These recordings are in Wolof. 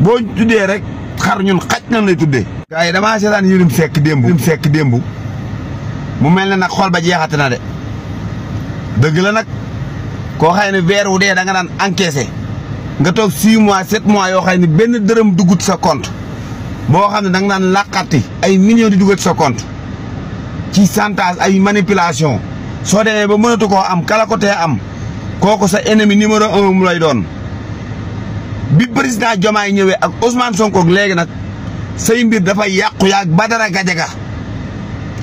boo tuddee rek xar ñun xaj nañ lay tuddee. gars yi damaa seetaan Yërim Seck démb. Yërim Seck ko mu mel ne nag xol ba jeexat na de dëgg la nag koo xay ne weer da nga daan encaissé nga toog 6 mois 7 mois yoo xay ne dërëm dugut sa compte boo xam da nga ay millions di dugut sa compte ci ay manipulation soo demee ba mënatu koo am kala ko tee am kooku sa ennemi numéro un mu lay bi président Diomaye ñëwee ak Ousmane sonkook léegi nag say mbir dafay yàqu yaa ak Badara Gajaga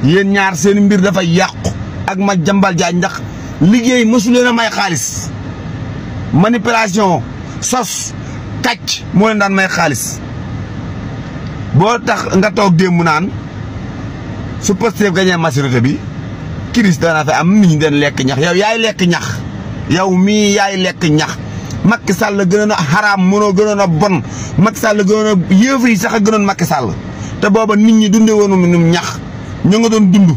yéen ñaar seen mbir dafay yàqu. ak ma jambal jaaj ndax liggéey mësu leen a may xaalis manipulation sos kàcc moo leen daan may xaalis boo tax nga toog démb naan su Pastef gañee majorité bi crise dana fa am nit ñi den lekk ñax yow yaay lekk ñax yow mii yaay lekk ñax. Macky Sall gënoon a xaraam mënoo gënoon a bon Macky Sall gënoon a yëf yi sax a gënoon Macky sàll te booba nit ñi dunde woonu num ñax ñu nga doon dund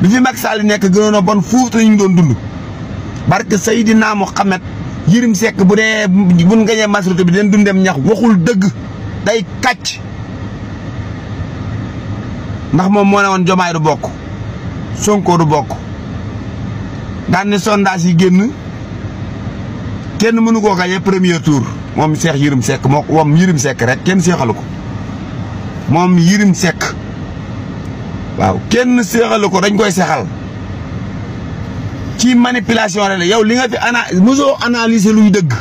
bi fi Macky Sall nekk gënoon a bon fuuf te ñu doon dund barke Seydina Mohamed Yërim sekk bu dee bu gañee majorité bi den dundeem ñax waxul dëgg day kàcc ndax moom moo ne woon jomaay du bokk Sonko du bokk daan ne sondage yi génn kenn mënu koo gañe premier tour moom Cheikh Yérim Seck moo moom Yérim Seck rek kenn seexalu ko moom Yérim sekk waaw kenn seexalu ko dañ koy seexal ci manipulation rek yow li nga fi ana mosoo analyser luy dëgg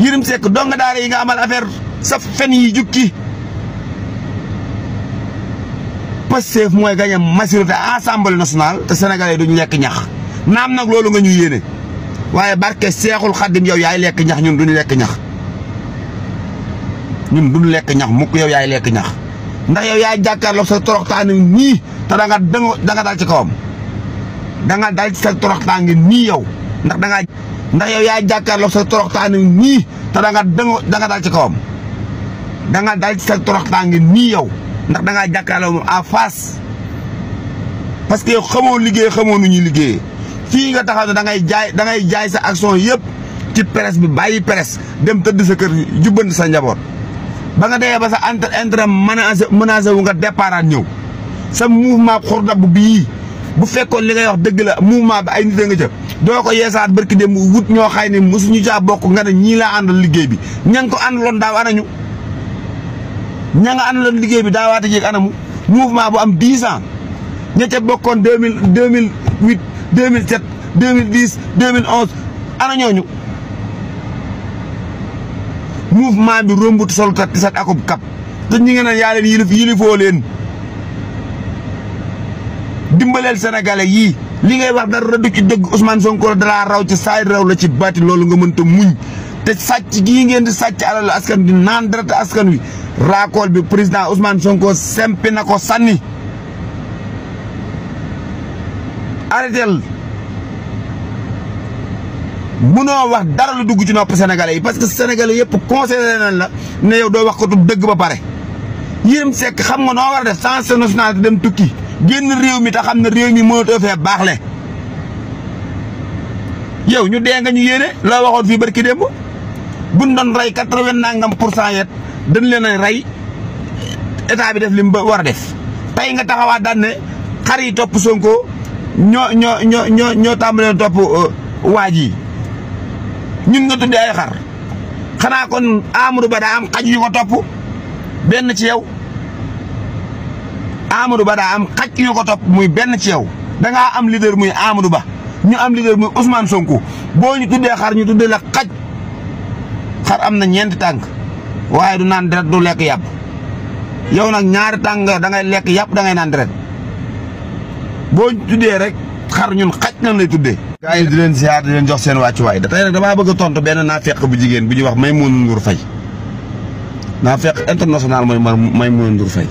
Yérim sekk dong daara yi nga amal affaire sa fen yi jukki Pastef mooy gañe majorité assemblée nationale te senegal sénégalais duñ lekk ñax naam nag loolu nga ñu yéene waye barke cheikhul khadim yow yaay lek ñax ñun duñu lek ñax ñun duñu lek ñax mukk yow yaay lek ñax ndax yow yaay lo sa toroxtaan ni ta da nga da nga dal ci kawam da nga dal ci sa toroxtaan ni yow ndax da nga ndax yow yaay lo sa toroxtaan ni ta da nga da nga dal ci kawam da nga dal ci sa toroxtaan ni yow ndax da nga jakkar lo en face parce que xamoo liggey xamoo nu ñuy fii nga taxaw ne da ngay jaay dangay jaay sa action yëpp ci presse bi bàyyi peres dem tëdd sa kër jubbanti sa njaboot ba nga dee ba sa entre entre menacé wu nga départ ñëw sa mouvement xurdab bii bu fekkoon li ngay wax dëgg la mouvement bi ay nit nga ca doo ko yeesaat barki dem wut ñoo xay ne mosuñu caa bokk nga ne ñii laa àndal liggéey bi ña nga ko àndaloon daaw anañu ña nga àndaloon liggéey bi daawaate jéeg anamu mouvement bu am 10 ans ña ca bokkoon deux mille deux mille 2007 2010 2011 ana ñooñu mouvement bi rombut sol kat tisat akub kap te ñi nga naan yaa leen yilif yilifoo leen dimbaleel sénégalais yii li ngay wax dara du ci dëgg Ousmane Sonko dara raw ci saay raw la ci nga muñ te ngeen di sàcc alal askan di naan dara askan wi raakool bi président Ousmane Sonko sempi arrêtel munoo wax dara lu dugg ci nopp sénégalais yi parce que sénégalais yëpp conseillé nañ la ne yow doo wax ko tu dëgg ba pare Yérim sekk xam nga noo war a def sans nationalité dem tukki génn réew mi te xam ne réew mi mënatoo fee baax le yow ñu dee nga ñu yéene loo waxoon fii barki démb buñ doon rey quatre-vingt nangam pour cent yet dañ leen a rey état bi def li ba war a def tey nga taxawaat daan ne xar yi topp Sonko ñoo ñoo ñoo ñoo ñoo tàmbalee topp euh, waaj yi ñun nga tuddee ay xar xanaa kon Amadou Ba daa am xaj yu ko topp benn ci yow Amadou Ba daa am xaj yu ko topp muy benn ci yow dangaa am leader muy Amadou Ba ñu am leader muy Ousmane Sonko boo ñu tuddee xar ñu tuddee la xaj xar am na ñeenti tànk waaye du naan deret du lekk yàpp yow nag ñaari tànk da ngay lekk yàpp da ngay naan deret boo tuddee rek xar ñun xaj na lay tuddee. gaa yi di leen ziar di leen jox seen wàccuwaay da tey nag damaa bëgg a tontu benn naafeq bu jigéen bu ñu wax Maimouna Ndour Faye naafeq international mooy Maimouna Ndour Faye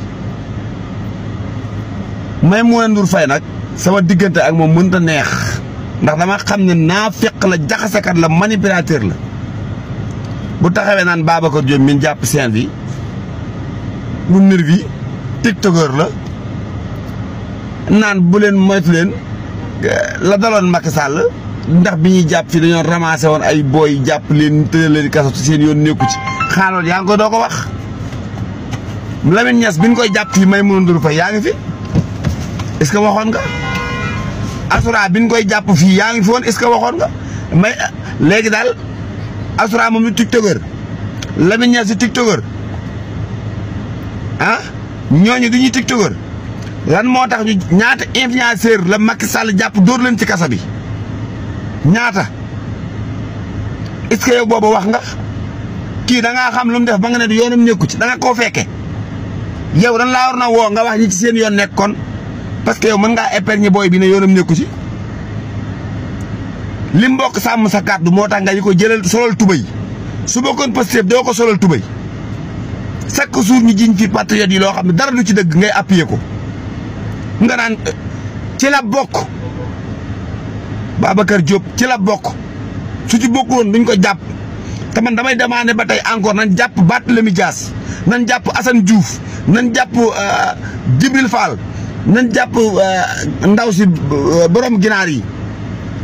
Maimouna Ndour Faye nag sama diggante ak moom mënta neex ndax dama xam ne naafeq la jaxasekat la manipulateur la bu taxawee naan Babacar Diop min jàpp seen bi mu nervi tiktokeur la. naan bu leen moytu leen la daloon Macky Sall ndax bi ñuy jàpp fii dañoo ramassé woon ay booy jàpp leen tëjal leen seen yoon nekku ci xaaloon yaa ngi ko doo ko wax Lamine Niass bi ñu koy jàpp fii may mënundur fa yaa ngi fi est-ce que waxoon nga Asura bi ñu koy jàpp fii yaa ngi fi woon est-ce que waxoon nga may léegi daal Asura moom di tiktokeur Lamine Niass di tiktokeur ah ñooñu du ñuy tiktokeur lan motax ñu ñaata influenceur la Macky Sall japp door leen ci kassa bi ñaata est ce que yow boobu wax nga ki da nga xam lu mu def ba nga ne du yoonam neeku ci da nga ko fekke yow dañ la war na woo nga wax ñi ci seen yoon nek kon parce que yow mën nga épargner boy bi ne yoonam neeku ci lim bok sam sa kàddu motax nga yi jëlal solal tubay su bokon Pastef do ko solal tubay chaque jour ñu jiñ fi patriote yi lo xam dara lu ci deug ngay appuyer ko nga naan ci la bokk Babacar Diop ci la bokk su ci bokkuloon duñ ko jàpp te man damay demandé ba tey encore nañ jàpp Barthélémy Dias nañ jàpp asan Diouf nañ jàpp euh, Djibril Fall nañ jàpp euh, ndaw si euh, borom ginaar yi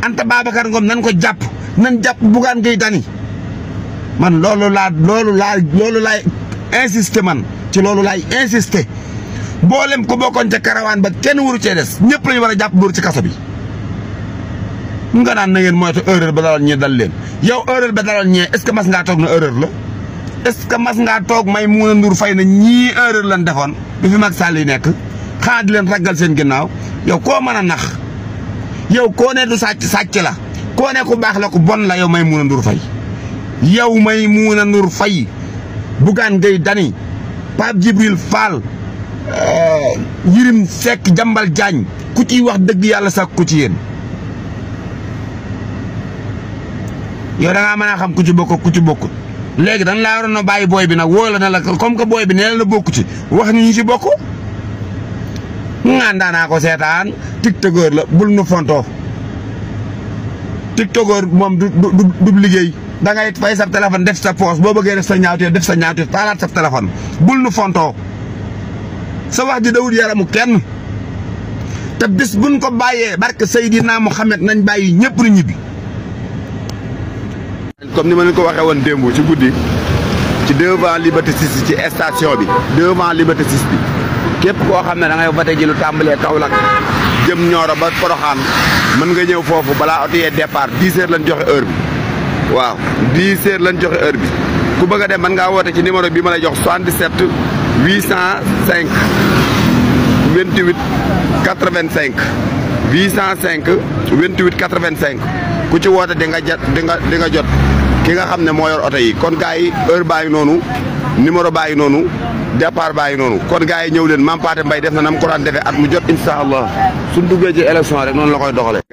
Anta Babacar Ngom nañ ko jàpp nañ jàpp Bougane Gueye Dany man loolu laa loolu laa loolu laay insister man ci loolu laay insister. mboolem ku bokkoon ca karawaan ba kenn waru cee des ñëpp lañu war a jàpp dóor ci kaso bi. nga naan na ngeen moytu erreur ba dalal ñee dal leen yow erreur ba dalal ñee est-ce que mas ngaa toog na erreur la est-ce que mas ngaa toog may mun a fay na ñii erreur lan defoon bi fi mag Sall yi nekk xanaa di leen ragal seen ginnaaw yow koo mën a nax yow koo ne du sàcc sàcc la koo ne ku baax la ku bon la yow may mun a ndur fay yow may mun a fay Bougane Gueye Dany Pape Euh, Yirim Seck Jambal Jaañ ku ci wax dëgg yàlla sax ku ci yéen yow da ngaa mën a xam ku ci bokk ku ci bokkut léegi dañ laa na a bàyyi booy bi nag wóor na la comme que booy bi nee la bokku ci wax ñu ñu ci bokk ngaandaanaa ko seetaan tiktokeur la bul nu fontoo tiktokeur moom du du du liggéey da ngay fay sa téléphone def sa poos boo bëggee def sa ñaawteef def sa ñaawteef taalaat sa téléphone bul nu fontoo sa wax di dawul yaramu kenn te bis buñ ko baye barke sayidina muhammad nañ baye ñepp ñu ñibi comme ni ma leen ko waxe won dembu ci guddi ci devant Liberté 6 ci station bi devant Liberté 6 bi képp koo xam da ngay voté ji lu tambalé Kaolack jëm ñoro ba Porokhane mën nga ñew fofu bala auto yé départ 10 h lañ joxe heure bi waaw 10 h lañ joxe heure bi ku bëgg dem man nga woté ci numéro bi ma lay jox 77. 805 28 85 805 28 85 ku ci woote di nga jot di nga di nga jot ki nga xam ne moo yor oto yi kon gaa yi heure baa noonu numéro baa ngi noonu départ baa noonu kon gars yi ñëw leen Mame Pathé def na nam ko daan defee at mu jot incha allah suñ duggee ci élection rek noonu la koy doxalee.